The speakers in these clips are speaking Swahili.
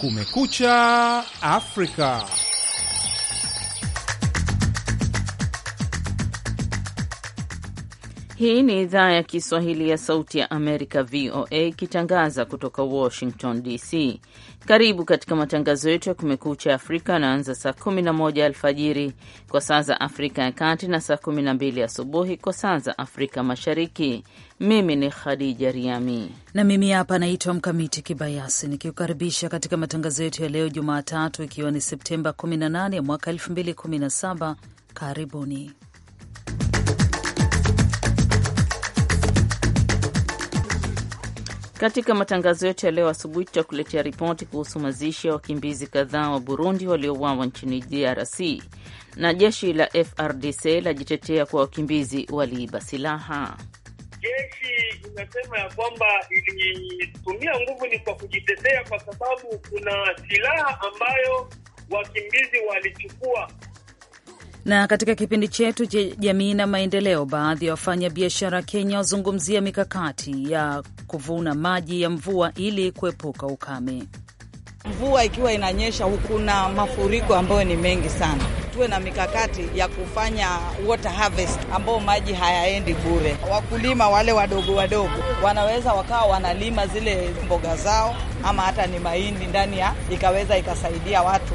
Kumekucha Afrika. Hii ni idhaa ya Kiswahili ya Sauti ya Amerika, VOA, ikitangaza kutoka Washington DC. Karibu katika matangazo yetu ya Kumekucha Afrika anaanza saa 11 alfajiri kwa saa za Afrika ya Kati na saa 12 asubuhi kwa saa za Afrika Mashariki. Mimi ni Khadija Riami na mimi hapa naitwa Mkamiti Kibayasi nikiukaribisha katika matangazo yetu ya leo Jumatatu, ikiwa ni Septemba 18 mwaka 2017. Karibuni Katika matangazo yetu ya leo asubuhi, tutakuletea ripoti kuhusu mazishi ya wakimbizi kadhaa wa Burundi waliouawa nchini DRC, na jeshi la FRDC lajitetea kwa wakimbizi waliiba silaha. Jeshi inasema ya kwamba ilitumia nguvu ni kwa kujitetea, kwa sababu kuna silaha ambayo wakimbizi walichukua. Na katika kipindi chetu cha jamii na maendeleo, baadhi ya wafanya biashara Kenya wazungumzia mikakati ya kuvuna maji ya mvua ili kuepuka ukame. Mvua ikiwa inanyesha, kuna mafuriko ambayo ni mengi sana. Tuwe na mikakati ya kufanya water harvest, ambao maji hayaendi bure. Wakulima wale wadogo wadogo wanaweza wakawa wanalima zile mboga zao, ama hata ni mahindi ndani ya, ikaweza ikasaidia watu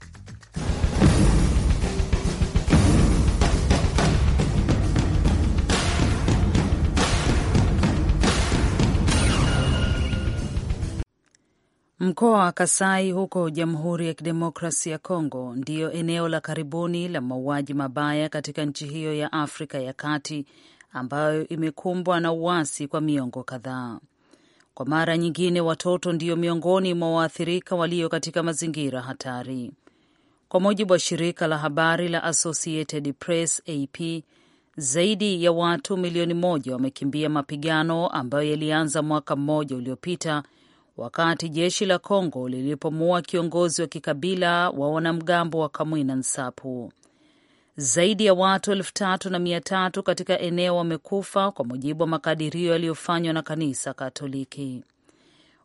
Mkoa wa Kasai huko Jamhuri ya Kidemokrasi ya Kongo ndiyo eneo la karibuni la mauaji mabaya katika nchi hiyo ya Afrika ya Kati ambayo imekumbwa na uasi kwa miongo kadhaa. Kwa mara nyingine, watoto ndiyo miongoni mwa waathirika walio katika mazingira hatari. Kwa mujibu wa shirika la habari la Associated Press AP, zaidi ya watu milioni moja wamekimbia mapigano ambayo yalianza mwaka mmoja uliopita wakati jeshi la Kongo lilipomuua kiongozi wa kikabila wa wanamgambo wa Kamwina Nsapu. Zaidi ya watu elfu tatu na mia tatu katika eneo wamekufa kwa mujibu wa makadirio yaliyofanywa na kanisa Katoliki.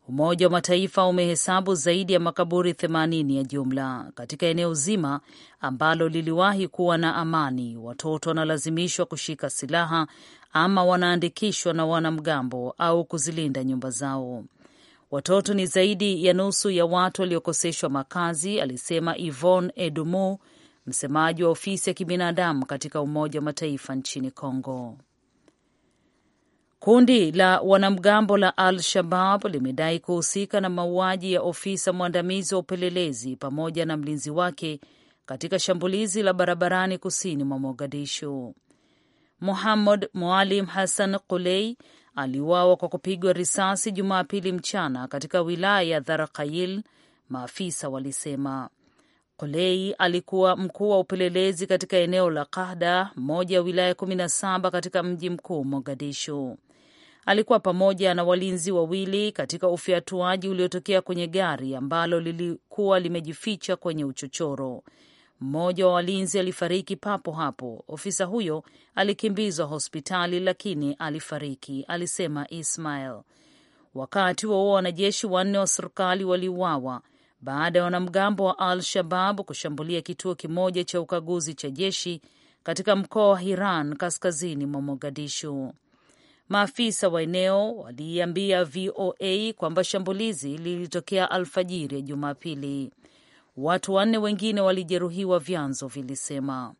Umoja wa Mataifa umehesabu zaidi ya makaburi 80 ya jumla katika eneo zima ambalo liliwahi kuwa na amani. Watoto wanalazimishwa kushika silaha ama wanaandikishwa na wanamgambo au kuzilinda nyumba zao. Watoto ni zaidi ya nusu ya watu waliokoseshwa makazi, alisema Yvonne Edumu, msemaji wa ofisi ya kibinadamu katika Umoja wa Mataifa nchini congo Kundi la wanamgambo la Al Shabab limedai kuhusika na mauaji ya ofisa mwandamizi wa upelelezi pamoja na mlinzi wake katika shambulizi la barabarani kusini mwa Mogadishu. Muhammad Mualim Hassan Kulei aliuawa kwa kupigwa risasi Jumapili mchana katika wilaya ya Dharakayil, maafisa walisema. Kolei alikuwa mkuu wa upelelezi katika eneo la Kahda, moja ya wilaya kumi na saba katika mji mkuu Mogadishu. Alikuwa pamoja na walinzi wawili katika ufyatuaji uliotokea kwenye gari ambalo lilikuwa limejificha kwenye uchochoro. Mmoja wa walinzi alifariki papo hapo. Ofisa huyo alikimbizwa hospitali lakini alifariki, alisema Ismail. Wakati wa huo wanajeshi wanne wa serikali waliuawa baada ya wanamgambo wa Al Shabab kushambulia kituo kimoja cha ukaguzi cha jeshi katika mkoa wa Hiran kaskazini mwa Mogadishu. Maafisa wa eneo waliiambia VOA kwamba shambulizi lilitokea alfajiri ya Jumapili. Watu wanne wengine walijeruhiwa, vyanzo vilisema.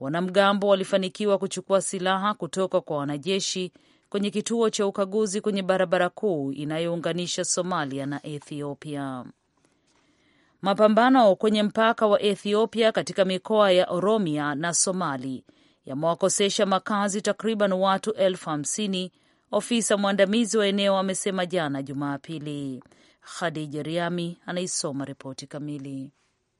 Wanamgambo walifanikiwa kuchukua silaha kutoka kwa wanajeshi kwenye kituo cha ukaguzi kwenye barabara kuu inayounganisha Somalia na Ethiopia. Mapambano kwenye mpaka wa Ethiopia katika mikoa ya Oromia na Somali yamewakosesha makazi takriban watu elfu hamsini, ofisa mwandamizi wa eneo amesema jana Jumapili. Khadija Riami anaisoma ripoti kamili.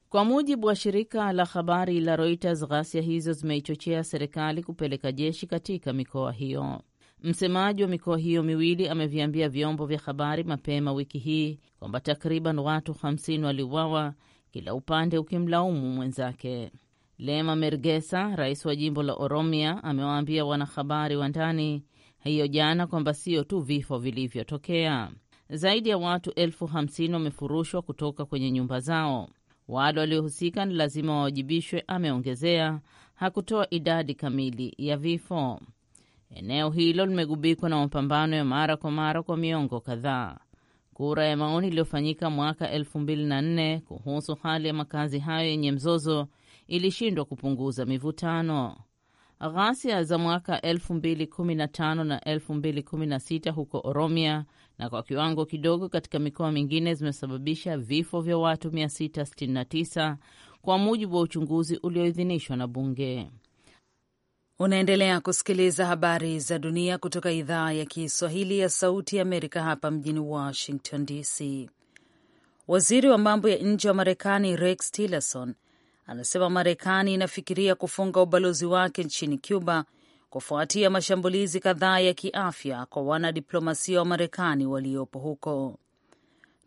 Kwa mujibu wa shirika la habari la Reuters, ghasia hizo zimeichochea serikali kupeleka jeshi katika mikoa hiyo. Msemaji wa mikoa hiyo miwili ameviambia vyombo vya habari mapema wiki hii kwamba takriban watu 50 waliuawa, kila upande ukimlaumu mwenzake. Lema Mergesa, rais wa jimbo la Oromia, amewaambia wanahabari wa ndani hiyo jana kwamba sio tu vifo vilivyotokea zaidi ya watu elfu hamsini wamefurushwa kutoka kwenye nyumba zao. Wale waliohusika ni lazima wawajibishwe, ameongezea. Hakutoa idadi kamili ya vifo. Eneo hilo limegubikwa na mapambano ya mara kwa mara kwa miongo kadhaa. Kura ya maoni iliyofanyika mwaka 2004 kuhusu hali ya makazi hayo yenye mzozo ilishindwa kupunguza mivutano. Ghasia za mwaka 2015 na 2016 huko Oromia na kwa kiwango kidogo katika mikoa mingine zimesababisha vifo vya watu 669 kwa mujibu wa uchunguzi ulioidhinishwa na bunge. Unaendelea kusikiliza habari za dunia kutoka idhaa ya Kiswahili ya Sauti ya Amerika hapa mjini Washington DC. Waziri wa mambo ya nje wa Marekani Rex Tillerson anasema Marekani inafikiria kufunga ubalozi wake nchini Cuba kufuatia mashambulizi kadhaa ya kiafya kwa wanadiplomasia wa Marekani waliopo huko.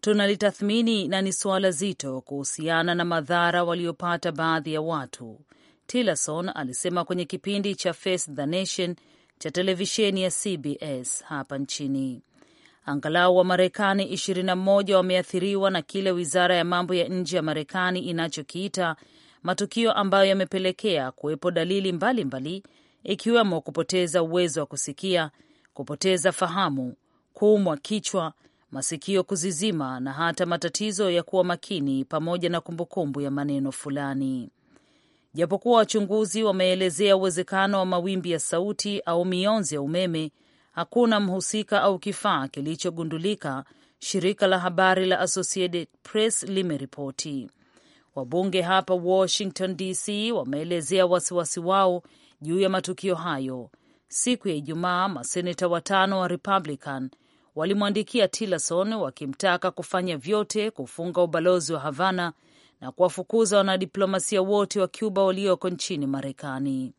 Tunalitathmini na ni suala zito kuhusiana na madhara waliopata baadhi ya watu, Tillerson alisema kwenye kipindi cha Face the Nation cha televisheni ya CBS hapa nchini. Angalau wa Marekani 21 wameathiriwa na kile wizara ya mambo ya nje ya Marekani inachokiita matukio ambayo yamepelekea kuwepo dalili mbalimbali ikiwemo kupoteza uwezo wa kusikia, kupoteza fahamu, kuumwa kichwa, masikio kuzizima na hata matatizo ya kuwa makini pamoja na kumbukumbu ya maneno fulani. Japokuwa wachunguzi wameelezea uwezekano wa mawimbi ya sauti au mionzi ya umeme, hakuna mhusika au kifaa kilichogundulika, shirika la habari la Associated Press limeripoti. Wabunge hapa Washington DC wameelezea wasiwasi wao juu ya matukio hayo. Siku ya Ijumaa, maseneta watano wa Republican walimwandikia Tillerson wakimtaka kufanya vyote kufunga ubalozi wa Havana na kuwafukuza wanadiplomasia wote wa Cuba walioko nchini Marekani.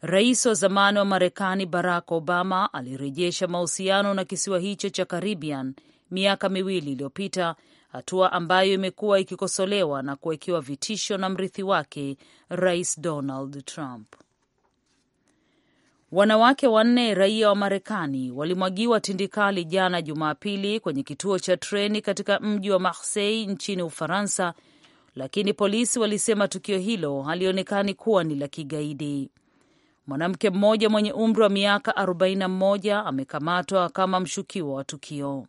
Rais wa zamani wa Marekani Barack Obama alirejesha mahusiano na kisiwa hicho cha Caribbean miaka miwili iliyopita, hatua ambayo imekuwa ikikosolewa na kuwekewa vitisho na mrithi wake Rais Donald Trump. Wanawake wanne raia wa Marekani walimwagiwa tindikali jana Jumapili kwenye kituo cha treni katika mji wa Marseille nchini Ufaransa, lakini polisi walisema tukio hilo halionekani kuwa ni la kigaidi. Mwanamke mmoja mwenye umri wa miaka 41 amekamatwa kama mshukiwa wa tukio.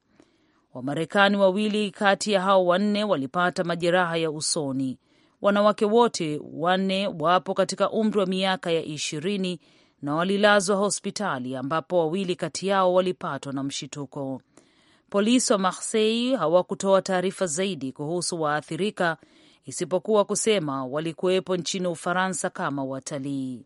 Wamarekani wawili kati ya hao wanne walipata majeraha ya usoni. Wanawake wote wanne wapo katika umri wa miaka ya ishirini na walilazwa hospitali ambapo wawili kati yao walipatwa na mshituko. Polisi wa Marseille hawakutoa taarifa zaidi kuhusu waathirika isipokuwa kusema walikuwepo nchini Ufaransa kama watalii.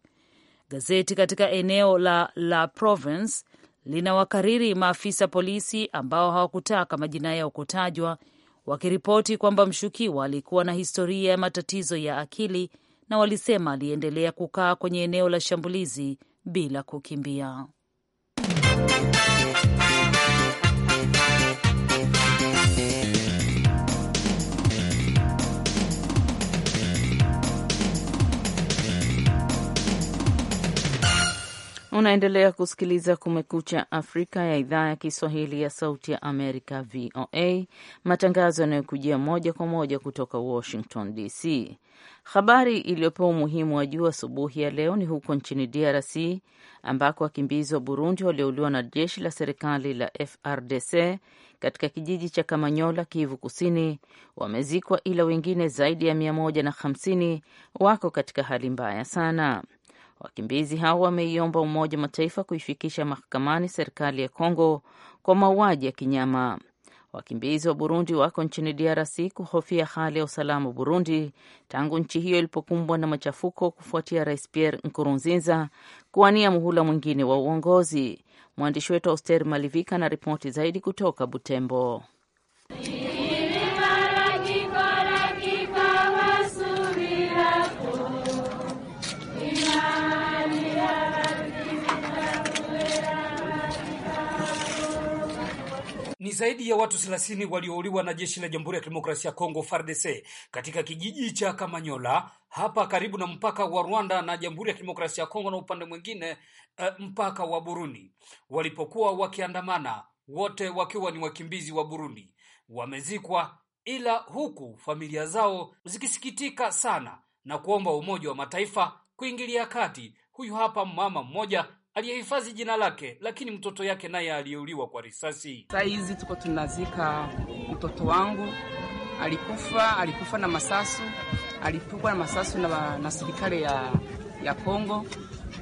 Gazeti katika eneo la La Provence linawakariri maafisa polisi ambao hawakutaka majina yao kutajwa, wakiripoti kwamba mshukiwa alikuwa na historia ya matatizo ya akili na walisema aliendelea kukaa kwenye eneo la shambulizi bila kukimbia. Unaendelea kusikiliza Kumekucha Afrika ya idhaa ya Kiswahili ya Sauti ya Amerika, VOA, matangazo yanayokujia moja kwa moja kutoka Washington DC. Habari iliyopewa umuhimu wa juu asubuhi ya leo ni huko nchini DRC ambako wakimbizi wa Burundi waliouliwa na jeshi la serikali la FRDC katika kijiji cha Kamanyola, Kivu Kusini, wamezikwa ila wengine zaidi ya 150 wako katika hali mbaya sana. Wakimbizi hao wameiomba Umoja wa Mataifa kuifikisha mahakamani serikali ya Kongo kwa mauaji ya kinyama. Wakimbizi wa Burundi wako nchini DRC kuhofia hali ya usalama Burundi tangu nchi hiyo ilipokumbwa na machafuko kufuatia Rais Pierre Nkurunziza kuwania muhula mwingine wa uongozi. Mwandishi wetu Auster Malivika na ripoti zaidi kutoka Butembo. Ni zaidi ya watu 30 waliouliwa na jeshi la Jamhuri ya Kidemokrasia ya Kongo FARDC katika kijiji cha Kamanyola hapa karibu na mpaka wa Rwanda na Jamhuri ya Kidemokrasia ya Kongo na upande mwingine eh, mpaka wa Burundi walipokuwa wakiandamana, wote wakiwa ni wakimbizi wa Burundi. Wamezikwa ila huku familia zao zikisikitika sana na kuomba Umoja wa Mataifa kuingilia kati. Huyu hapa mama mmoja aliyehifadhi jina lake, lakini mtoto yake naye aliyeuliwa kwa risasi. Saa hizi tuko tunazika mtoto wangu, alikufa alikufa na masasu, alipigwa na masasu na, na serikali ya ya Kongo.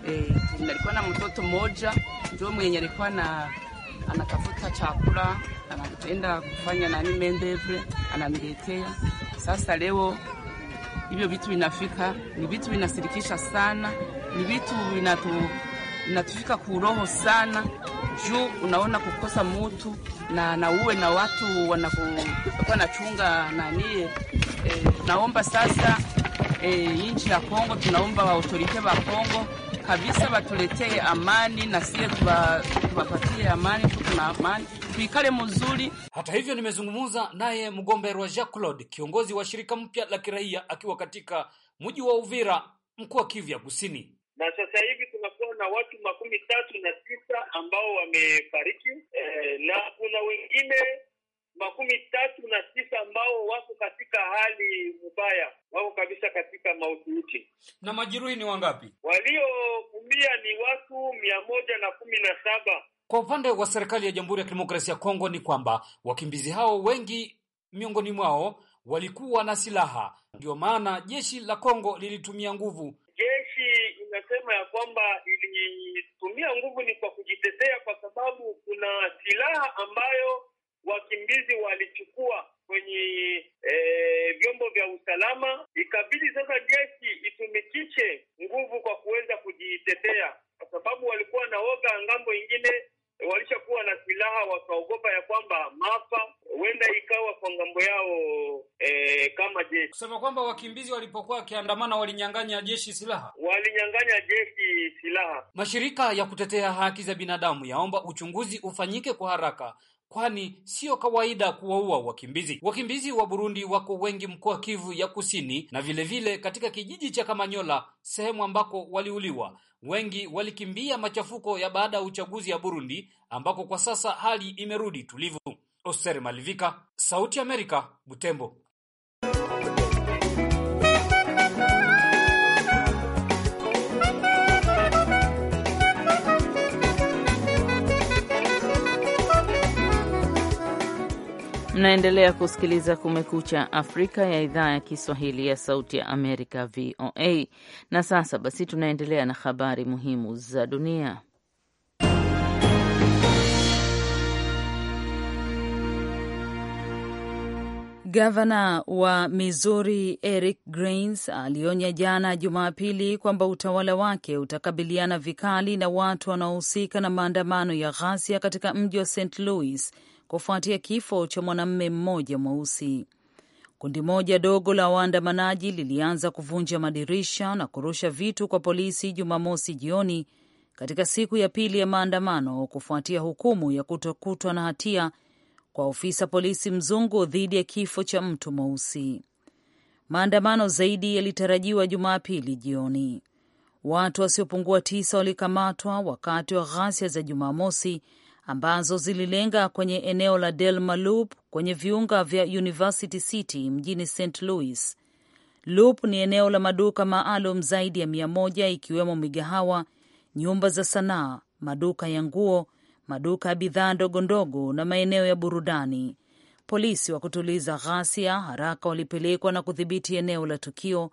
E, nalikuwa na mtoto mmoja ndio mwenye alikuwa na anatafuta chakula anaenda kufanya nani mendevre ananiletea. Sasa leo hivyo vitu vinafika, ni vitu vinasirikisha sana, ni vitu vinatu natufika kuroho sana, juu unaona kukosa mutu na na uwe na watu wanakuwa nachunga nani e, naomba sasa e, eh, nchi ya Kongo tunaomba waautorite wa Kongo kabisa batuletee amani na siye tuwapatie amani, na amani tuikale mzuri. Hata hivyo, nimezungumza naye mgombea wa Jacques Claude, kiongozi wa shirika mpya la kiraia akiwa katika mji wa Uvira, mkoa wa Kivu ya Kusini na sasa hivi tunakuwa na watu makumi tatu na tisa ambao wamefariki eh, na kuna wengine makumi tatu na tisa ambao wako katika hali mbaya, wako kabisa katika mautiuti Na majeruhi ni wangapi? Walioumia ni watu mia moja na kumi na saba. Kwa upande wa serikali ya Jamhuri ya Kidemokrasia ya Kongo ni kwamba wakimbizi hao wengi miongoni mwao walikuwa na silaha, ndio maana jeshi la Kongo lilitumia nguvu kwamba ilitumia nguvu ni kwa kujitetea, kwa sababu kuna silaha ambayo wakimbizi walichukua kwenye e, vyombo vya usalama. Ikabidi sasa jeshi itumikishe nguvu kwa kuweza kujitetea, kwa sababu walikuwa na oga ngambo ingine walishakuwa na silaha wakaogopa ya kwamba maafa huenda ikawa kwa ngambo yao. E, kama jeshi kusema kwamba wakimbizi walipokuwa wakiandamana walinyang'anya jeshi silaha, walinyang'anya jeshi Mashirika ya kutetea haki za binadamu yaomba uchunguzi ufanyike kwa haraka kwani sio kawaida kuwaua wakimbizi. Wakimbizi wa Burundi wako wengi mkoa Kivu ya Kusini na vilevile vile katika kijiji cha Kamanyola, sehemu ambako waliuliwa. Wengi walikimbia machafuko ya baada ya uchaguzi ya Burundi, ambako kwa sasa hali imerudi tulivu. Oser Malivika, Sauti ya Amerika, Butembo. Mnaendelea kusikiliza Kumekucha Afrika ya idhaa ya Kiswahili ya Sauti ya Amerika, VOA. Na sasa basi, tunaendelea na habari muhimu za dunia. Gavana wa Missouri Eric grains alionya jana Jumapili kwamba utawala wake utakabiliana vikali na watu wanaohusika na maandamano ya ghasia katika mji wa St Louis kufuatia kifo cha mwanamume mmoja mweusi. Kundi moja dogo la waandamanaji lilianza kuvunja madirisha na kurusha vitu kwa polisi Jumamosi jioni katika siku ya pili ya maandamano kufuatia hukumu ya kutokutwa na hatia kwa ofisa polisi mzungu dhidi ya kifo cha mtu mweusi. Maandamano zaidi yalitarajiwa Jumapili jioni. Watu wasiopungua tisa walikamatwa wakati wa ghasia za Jumamosi ambazo zililenga kwenye eneo la Delma Loop kwenye viunga vya University City mjini St. Louis. Loop ni eneo la maduka maalum zaidi ya mia moja ikiwemo migahawa, nyumba za sanaa, maduka ya nguo, maduka ya bidhaa ndogo ndogo na maeneo ya burudani. Polisi wa kutuliza ghasia haraka walipelekwa na kudhibiti eneo la tukio,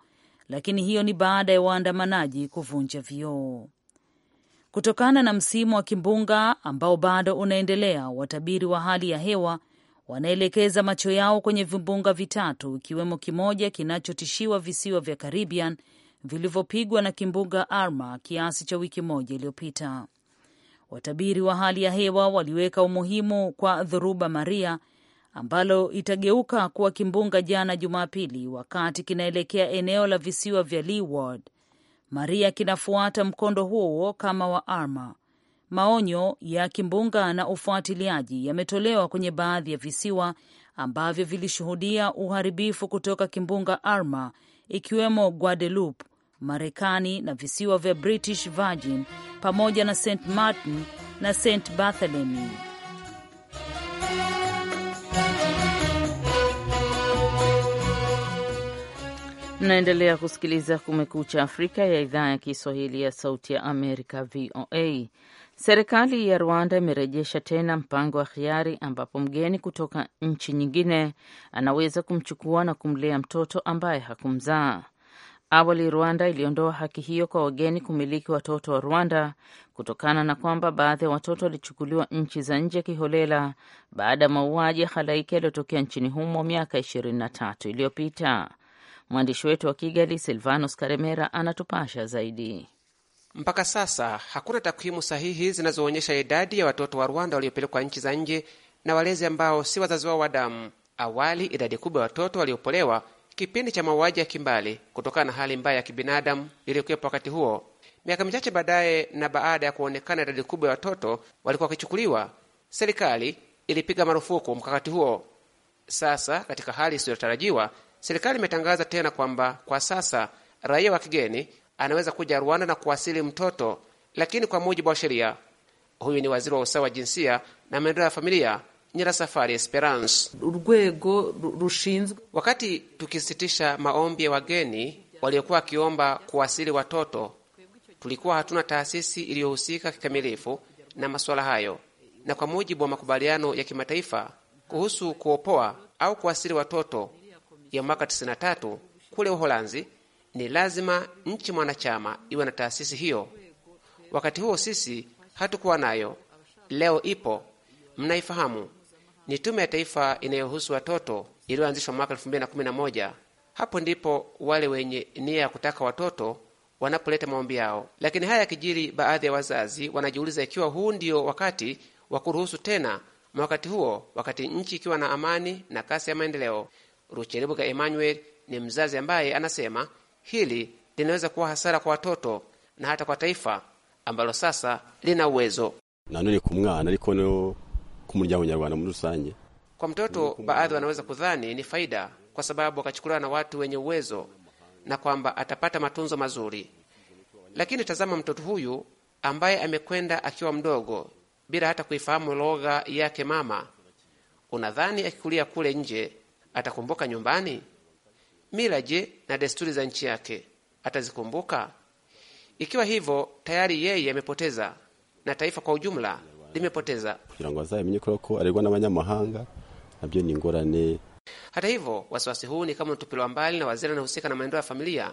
lakini hiyo ni baada ya waandamanaji kuvunja vioo. Kutokana na msimu wa kimbunga ambao bado unaendelea, watabiri wa hali ya hewa wanaelekeza macho yao kwenye vimbunga vitatu ikiwemo kimoja kinachotishiwa visiwa vya Caribbean vilivyopigwa na kimbunga Irma kiasi cha wiki moja iliyopita. Watabiri wa hali ya hewa waliweka umuhimu kwa dhoruba Maria ambalo itageuka kuwa kimbunga jana Jumapili, wakati kinaelekea eneo la visiwa vya Leeward Maria kinafuata mkondo huo kama wa arma Maonyo ya kimbunga na ufuatiliaji yametolewa kwenye baadhi ya visiwa ambavyo vilishuhudia uharibifu kutoka kimbunga arma ikiwemo Guadeloupe, Marekani na visiwa vya British Virgin pamoja na St Martin na St Bartholomew. Mnaendelea kusikiliza Kumekucha Afrika ya idhaa ya Kiswahili ya Sauti ya Amerika, VOA. Serikali ya Rwanda imerejesha tena mpango wa hiari ambapo mgeni kutoka nchi nyingine anaweza kumchukua na kumlea mtoto ambaye hakumzaa. Awali Rwanda iliondoa haki hiyo kwa wageni kumiliki watoto wa Rwanda kutokana na kwamba baadhi ya watoto walichukuliwa nchi za nje kiholela baada ya mauaji ya halaiki yaliyotokea nchini humo miaka 23 iliyopita. Mwandishi wetu wa Kigali, Silvanos Karemera, anatupasha zaidi. Mpaka sasa hakuna takwimu sahihi zinazoonyesha idadi ya watoto wa Rwanda waliopelekwa nchi za nje na walezi ambao si wazazi wao wa damu. Awali idadi kubwa ya watoto waliopolewa kipindi cha mauaji ya kimbali kutokana na hali mbaya ya kibinadamu iliyokuwepo wakati huo. Miaka michache baadaye, na baada ya kuonekana idadi kubwa ya watoto walikuwa wakichukuliwa, serikali ilipiga marufuku mkakati huo. Sasa katika hali isiyotarajiwa serikali imetangaza tena kwamba kwa sasa raia wa kigeni anaweza kuja Rwanda na kuwasili mtoto, lakini kwa mujibu wa sheria. Huyu ni waziri wa usawa wa jinsia na maendeleo ya familia Nyirasafari Esperance. Urwego rushinzwe wakati tukisitisha maombi ya wageni waliokuwa wakiomba kuwasili watoto, tulikuwa hatuna taasisi iliyohusika kikamilifu na masuala hayo, na kwa mujibu wa makubaliano ya kimataifa kuhusu kuopoa au kuwasili watoto ya mwaka 93 kule Uholanzi, ni lazima nchi mwanachama iwe na taasisi hiyo. Wakati huo sisi hatukuwa nayo, leo ipo, mnaifahamu. Ni tume ya taifa inayohusu watoto iliyoanzishwa mwaka 2011. Hapo ndipo wale wenye nia ya kutaka watoto wanapoleta maombi yao. Lakini haya yakijiri, baadhi ya wazazi wanajiuliza ikiwa huu ndiyo wakati wa kuruhusu tena, wakati huo, wakati nchi ikiwa na amani na kasi ya maendeleo. Rucherebuka Emmanuel ni mzazi ambaye anasema hili linaweza kuwa hasara kwa watoto na hata kwa taifa ambalo sasa lina uwezo nanone kumwana ariko no kumuryango nyarwanda muri rusange. Kwa mtoto baadhi wanaweza kudhani ni faida, kwa sababu wakachukuliwa na watu wenye uwezo na kwamba atapata matunzo mazuri, lakini tazama mtoto huyu ambaye amekwenda akiwa mdogo bila hata kuifahamu lugha yake mama. Unadhani akikulia kule nje Atakumbuka nyumbani? Mila je, na desturi za nchi yake atazikumbuka? Ikiwa hivyo, tayari yeye amepoteza na taifa kwa ujumla limepoteza. Hata hivyo, wasiwasi huu ni kama utupiliwa mbali na waziri anahusika na maendeleo ya familia,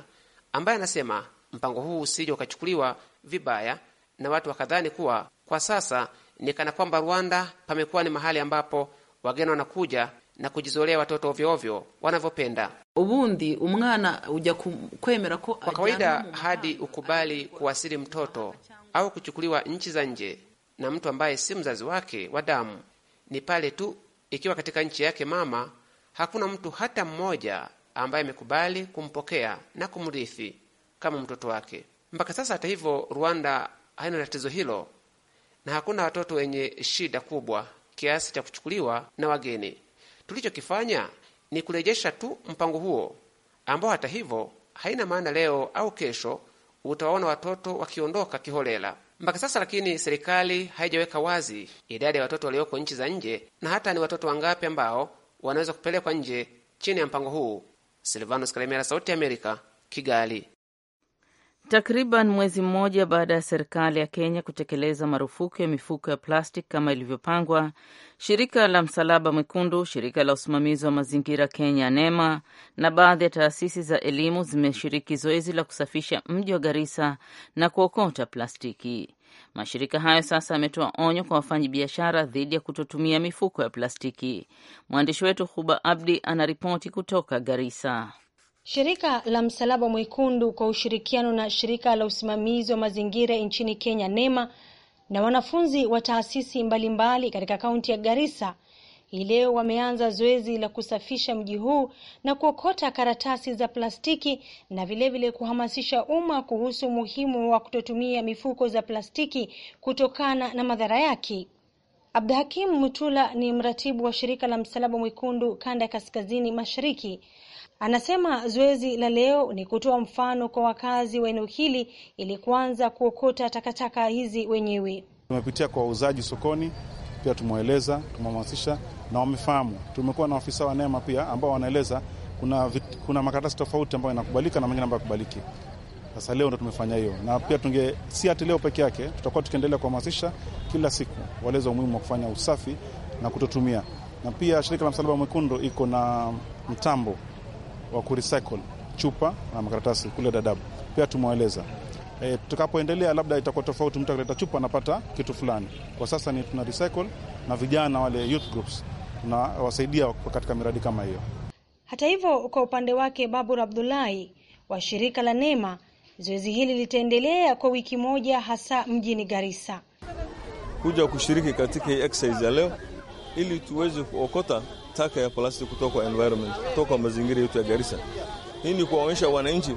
ambaye anasema mpango huu usije ukachukuliwa vibaya na watu wakadhani kuwa kwa sasa ni kana kwamba Rwanda pamekuwa ni mahali ambapo wageni wanakuja na kujizolea watoto ovyo ovyo wanavyopenda. ubundi umwana uja kwemera ko kwa kawaida, hadi ukubali kuwasili mtoto au kuchukuliwa nchi za nje na mtu ambaye si mzazi wake wa damu ni pale tu ikiwa katika nchi yake mama hakuna mtu hata mmoja ambaye amekubali kumpokea na kumrithi kama mtoto wake mpaka sasa. Hata hivyo, Rwanda haina tatizo hilo na hakuna watoto wenye shida kubwa kiasi cha kuchukuliwa na wageni. Tulichokifanya ni kurejesha tu mpango huo ambao hata hivyo haina maana leo au kesho utawaona watoto wakiondoka kiholela mpaka sasa. Lakini serikali haijaweka wazi idadi ya watoto walioko nchi za nje na hata ni watoto wangapi ambao wanaweza kupelekwa nje chini ya mpango huu. Silvanus Kalemera, Sauti ya Amerika, Kigali. Takriban mwezi mmoja baada ya serikali ya Kenya kutekeleza marufuku ya mifuko ya plastiki kama ilivyopangwa, shirika la Msalaba Mwekundu, shirika la usimamizi wa mazingira Kenya NEMA na baadhi ya taasisi za elimu zimeshiriki zoezi la kusafisha mji wa Garissa na kuokota plastiki. Mashirika hayo sasa yametoa onyo kwa wafanyabiashara dhidi ya kutotumia mifuko ya plastiki. Mwandishi wetu Huba Abdi anaripoti kutoka Garissa. Shirika la Msalaba Mwekundu kwa ushirikiano na shirika la usimamizi wa mazingira nchini Kenya NEMA na wanafunzi wa taasisi mbalimbali katika kaunti ya Garissa hii leo wameanza zoezi la kusafisha mji huu na kuokota karatasi za plastiki na vilevile vile kuhamasisha umma kuhusu umuhimu wa kutotumia mifuko za plastiki kutokana na madhara yake. Abdhakim Mutula ni mratibu wa shirika la Msalaba Mwekundu kanda ya Kaskazini Mashariki. Anasema zoezi la leo ni kutoa mfano kwa wakazi wa eneo hili ili kuanza kuokota takataka hizi wenyewe. Tumepitia kwa wauzaji sokoni, pia tumewaeleza, tumehamasisha na wamefahamu. Tumekuwa na afisa wa NEMA pia ambao wanaeleza kuna, kuna makaratasi tofauti ambayo inakubalika na mengine ambayo yakubaliki. Sasa leo ndo tumefanya hiyo, na pia tunge si hati leo peke yake, tutakuwa tukiendelea kuhamasisha kila siku waleza umuhimu wa kufanya usafi na kutotumia, na pia shirika la Msalaba Mwekundu iko na mtambo wa kurecycle chupa na makaratasi kule dadabu Pia tumewaeleza e, tutakapoendelea labda itakuwa tofauti, mtu akileta chupa anapata kitu fulani. Kwa sasa ni tuna recycle na vijana wale youth groups tunawasaidia katika miradi kama hiyo. Hata hivyo, kwa upande wake Babur Abdullahi wa shirika la Nema, zoezi hili litaendelea kwa wiki moja, hasa mjini Garissa. Kuja kushiriki katika exercise ya leo ili tuweze kuokota taka ya plastiki kutoka kwa environment, kutoka kwa mazingira yetu ya Garissa. Hii ni kuwaonyesha wananchi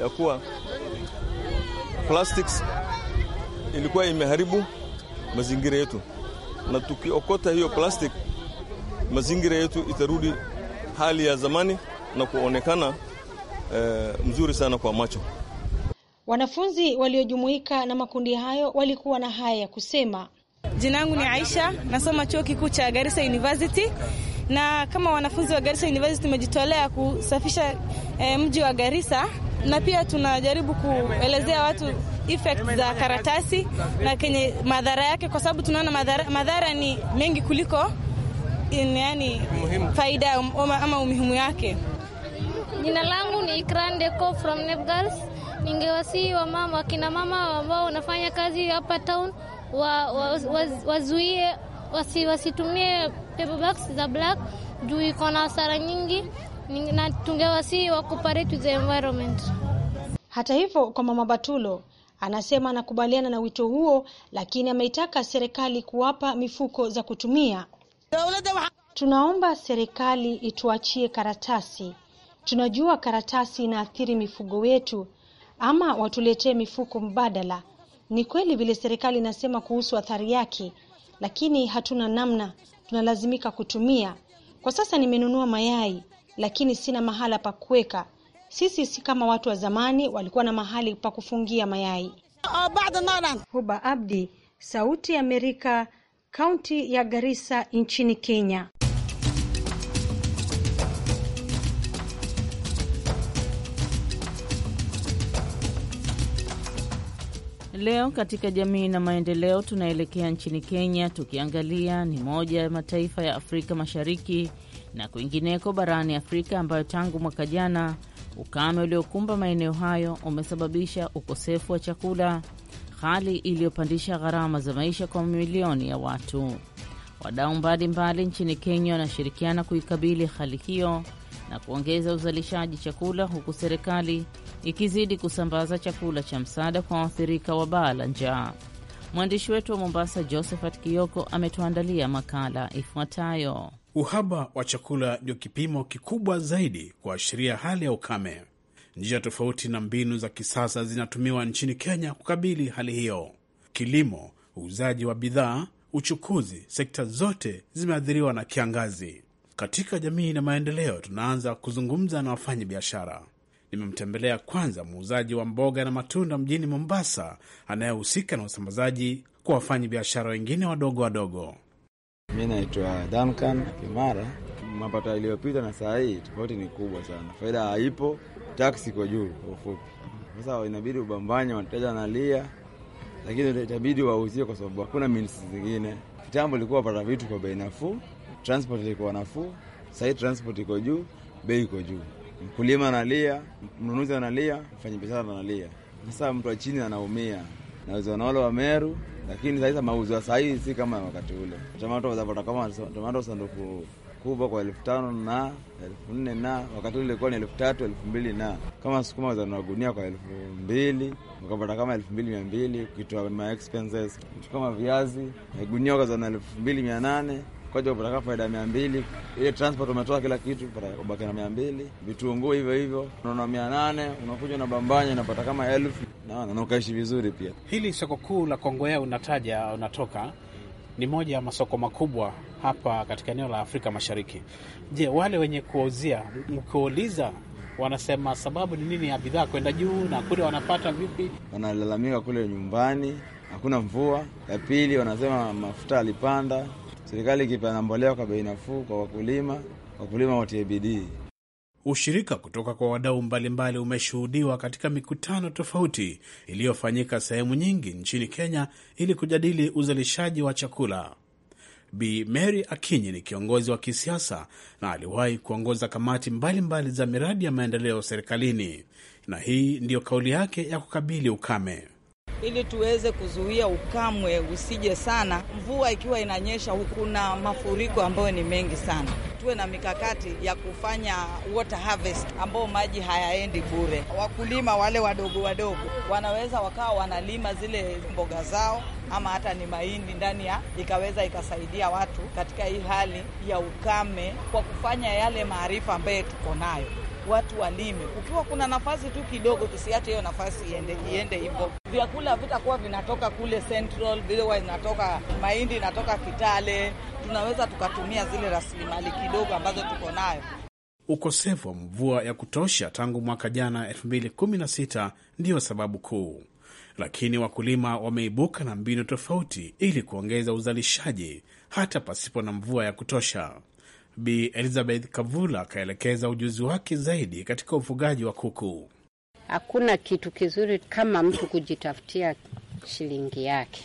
ya kuwa plastics ilikuwa imeharibu mazingira yetu, na tukiokota hiyo plastic mazingira yetu itarudi hali ya zamani na kuonekana eh, mzuri sana kwa macho. Wanafunzi waliojumuika na makundi hayo walikuwa na haya ya kusema. Jina langu ni Aisha, nasoma chuo kikuu cha Garissa University na kama wanafunzi wa Garissa University tumejitolea kusafisha eh, mji wa Garissa na pia tunajaribu kuelezea watu effect za karatasi na kenye madhara yake, kwa sababu tunaona madhara, madhara ni mengi kuliko in, yani faida um, ama umuhimu yake. Jina langu ni Ikran Deko from Nepgals. Ningewasihi wamama, wakina mama ambao wanafanya kazi hapa town wazuie wa, wa, wa, wa wasi, wasitumie paper bags za black juu iko na hasara nyingi na tungewasi wa cooperate with the environment. Hata hivyo, kwa Mama Batulo anasema anakubaliana na wito huo, lakini ameitaka serikali kuwapa mifuko za kutumia. Tunaomba serikali ituachie karatasi, tunajua karatasi inaathiri mifugo wetu, ama watuletee mifuko mbadala. Ni kweli vile serikali inasema kuhusu athari yake, lakini hatuna namna, tunalazimika kutumia. Kwa sasa nimenunua mayai, lakini sina mahala pa kuweka. Sisi si kama watu wa zamani walikuwa na mahali pa kufungia mayai. Oh, Huba Abdi, Sauti ya Amerika, kaunti ya Garissa nchini Kenya. leo katika jamii na maendeleo, tunaelekea nchini Kenya, tukiangalia ni moja ya mataifa ya Afrika Mashariki na kwingineko barani Afrika ambayo tangu mwaka jana ukame uliokumba maeneo hayo umesababisha ukosefu wa chakula, hali iliyopandisha gharama za maisha kwa mamilioni ya watu. Wadau mbalimbali nchini Kenya wanashirikiana kuikabili hali hiyo na kuongeza uzalishaji chakula, huku serikali ikizidi kusambaza chakula cha msaada kwa waathirika wa baa la njaa. Mwandishi wetu wa Mombasa, Josephat Kioko, ametuandalia makala ifuatayo. Uhaba wa chakula ndio kipimo kikubwa zaidi kuashiria hali ya ukame. Njia tofauti na mbinu za kisasa zinatumiwa nchini Kenya kukabili hali hiyo. Kilimo, uuzaji wa bidhaa, uchukuzi, sekta zote zimeathiriwa na kiangazi. Katika jamii na maendeleo, tunaanza kuzungumza na wafanyabiashara nimemtembelea kwanza muuzaji wa mboga na matunda mjini Mombasa anayehusika na usambazaji kwa wafanyi biashara wengine wadogo wadogo. Mi naitwa Duncan Kimara. Mapato yaliyopita na saa hii tofauti ni kubwa sana, faida haipo, taksi iko juu kwa ufupi. Sasa inabidi ubambanye, wateja wanalia, lakini itabidi wauzie kwa sababu hakuna minsi zingine. Kitambo ilikuwa wapata vitu kwa bei nafuu, transport ilikuwa nafuu, sahii transport iko juu, bei iko juu mkulima analia, mnunuzi analia, mfanyabiashara analia. Sasa mtu wa chini anaumia, nauziwa na wale wa Meru, lakini sasa mauzo ya sahii si kama wakati ule. Tomato za wazapata kama tomato sanduku kubwa kwa elfu tano na elfu nne na wakati ule ilikuwa ni elfu tatu elfu mbili na kama sukuma za gunia kwa elfu mbili ukapata kama elfu mbili mia mbili ukitoa ma expenses kama viazi gunia ukazana elfu mbili mia nane kwa hiyo utapata faida mia mbili. Ile transport umetoa kila kitu, ubaki na mia mbili. Vitunguu hivyo hivyo, unaona mia nane. Unakuja na bambanya, unapata kama elfu na ukaishi vizuri. Pia hili soko kuu la Kongowea unataja unatoka ni moja ya masoko makubwa hapa katika eneo la Afrika Mashariki. Je, wale wenye kuuzia mkiuliza, wanasema sababu ni nini ya bidhaa kwenda juu, na kule wanapata vipi? Wanalalamika kule nyumbani hakuna mvua. Ya pili, wanasema mafuta alipanda serikali ikipana mbolea kwa bei nafuu kwa wakulima, wakulima watie bidii. Ushirika kutoka kwa wadau mbalimbali umeshuhudiwa katika mikutano tofauti iliyofanyika sehemu nyingi nchini Kenya ili kujadili uzalishaji wa chakula. Bi Mary Akinyi ni kiongozi wa kisiasa na aliwahi kuongoza kamati mbalimbali za miradi ya maendeleo serikalini, na hii ndiyo kauli yake ya kukabili ukame ili tuweze kuzuia ukamwe usije sana. Mvua ikiwa inanyesha, kuna mafuriko ambayo ni mengi sana. Tuwe na mikakati ya kufanya water harvest, ambao maji hayaendi bure. Wakulima wale wadogo wadogo wanaweza wakawa wanalima zile mboga zao ama hata ni mahindi ndani ya, ikaweza ikasaidia watu katika hii hali ya ukame, kwa kufanya yale maarifa ambayo tuko nayo watu walime. Ukiwa kuna nafasi tu kidogo, tusiache hiyo nafasi iende iende hivyo. Vyakula vitakuwa vinatoka kule Central, vile inatoka mahindi, inatoka Kitale. Tunaweza tukatumia zile rasilimali kidogo ambazo tuko nayo. Ukosefu wa mvua ya kutosha tangu mwaka jana 2016 ndiyo sababu kuu, lakini wakulima wameibuka na mbinu tofauti ili kuongeza uzalishaji hata pasipo na mvua ya kutosha. Bi Elizabeth Kavula akaelekeza ujuzi wake zaidi katika ufugaji wa kuku. Hakuna kitu kizuri kama mtu kujitafutia shilingi yake.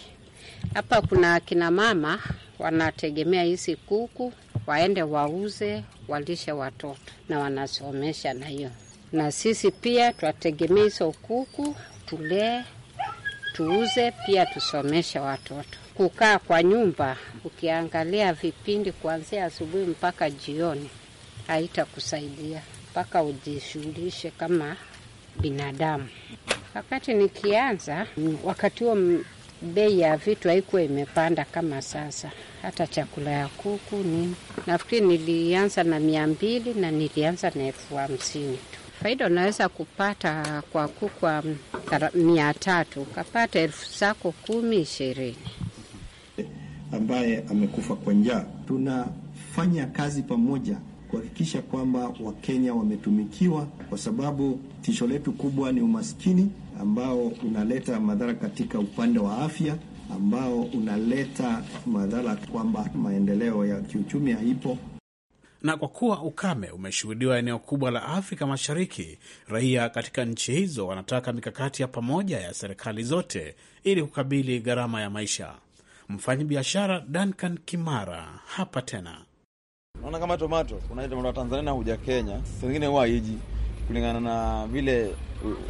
Hapa kuna akina mama wanategemea hizi kuku, waende wauze, walishe watoto na wanasomesha na hiyo, na sisi pia twategemea hizo kuku, tulee tuuze, pia tusomeshe watoto kukaa kwa nyumba ukiangalia vipindi kuanzia asubuhi mpaka jioni haitakusaidia, mpaka ujishughulishe kama binadamu. Wakati nikianza, wakati huo bei ya vitu haikuwa imepanda kama sasa, hata chakula ya kuku nini. nafikiri nilianza na mia mbili na nilianza na elfu hamsini tu. Faida unaweza kupata kwa kuku mia tatu ukapata elfu zako kumi ishirini ambaye amekufa kwa njaa. Tunafanya kazi pamoja kuhakikisha kwamba Wakenya wametumikiwa, kwa sababu tisho letu kubwa ni umaskini ambao unaleta madhara katika upande wa afya ambao unaleta madhara kwamba maendeleo ya kiuchumi haipo. Na kwa kuwa ukame umeshuhudiwa eneo kubwa la Afrika Mashariki, raia katika nchi hizo wanataka mikakati ya pamoja ya serikali zote ili kukabili gharama ya maisha. Mfanyabiashara Duncan Kimara hapa tena, naona kama tomato, kuna tomato wa Tanzania na huja Kenya, sengine huwa hiji kulingana na vile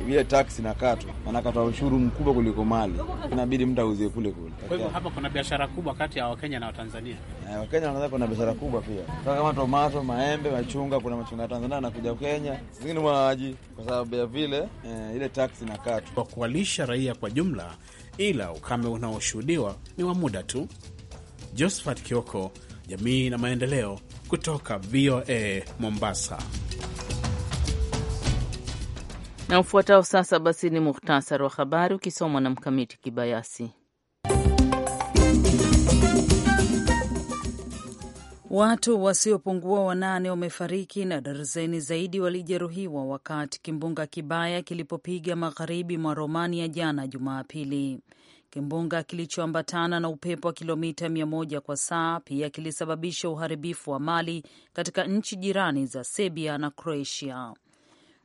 vile taksi na kato anakata ushuru mkubwa kuliko mali, inabidi mtu auzie kule kule. Kwa hivyo hapa kuna biashara kubwa kati ya Wakenya na Watanzania. Eh, Wakenya na kuna biashara kubwa pia, kama tomato, maembe, machunga. Kuna machunga ya Tanzania anakuja Kenya, zingine mwaaji kwa sababu ya vile eh, ile taksi na kato. Kwa kuwalisha raia kwa jumla ila ukame unaoshuhudiwa ni wa muda tu. Josephat Kioko, jamii na maendeleo, kutoka VOA Mombasa. Na ufuatao sasa basi ni muhtasari wa habari ukisomwa na Mkamiti Kibayasi. Watu wasiopungua wanane wamefariki na darzeni zaidi walijeruhiwa wakati kimbunga kibaya kilipopiga magharibi mwa Romania jana Jumapili. Kimbunga kilichoambatana na upepo wa kilomita mia moja kwa saa pia kilisababisha uharibifu wa mali katika nchi jirani za Serbia na Croatia.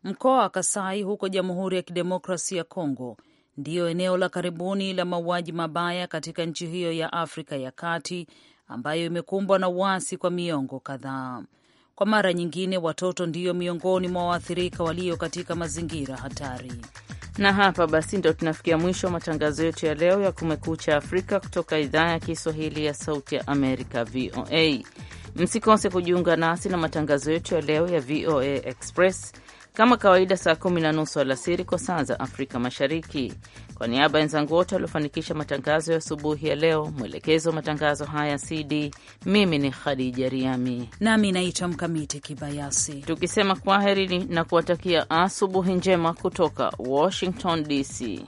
Mkoa wa Kasai huko Jamhuri ya Kidemokrasia ya Kongo ndiyo eneo la karibuni la mauaji mabaya katika nchi hiyo ya Afrika ya Kati ambayo imekumbwa na uasi kwa miongo kadhaa. Kwa mara nyingine, watoto ndiyo miongoni mwa waathirika walio katika mazingira hatari. Na hapa basi ndo tunafikia mwisho wa matangazo yetu ya leo ya Kumekucha Afrika kutoka idhaa ya Kiswahili ya Sauti ya Amerika, VOA. Msikose kujiunga nasi na matangazo yetu ya leo ya VOA Express kama kawaida saa kumi na nusu alasiri kwa saa za Afrika Mashariki. Kwa niaba ya wenzangu wote waliofanikisha matangazo ya asubuhi ya leo, mwelekezo wa matangazo haya cd, mimi ni Khadija Riami nami naitwa Mkamiti Kibayasi, tukisema kwaherini na kuwatakia asubuhi njema kutoka Washington DC.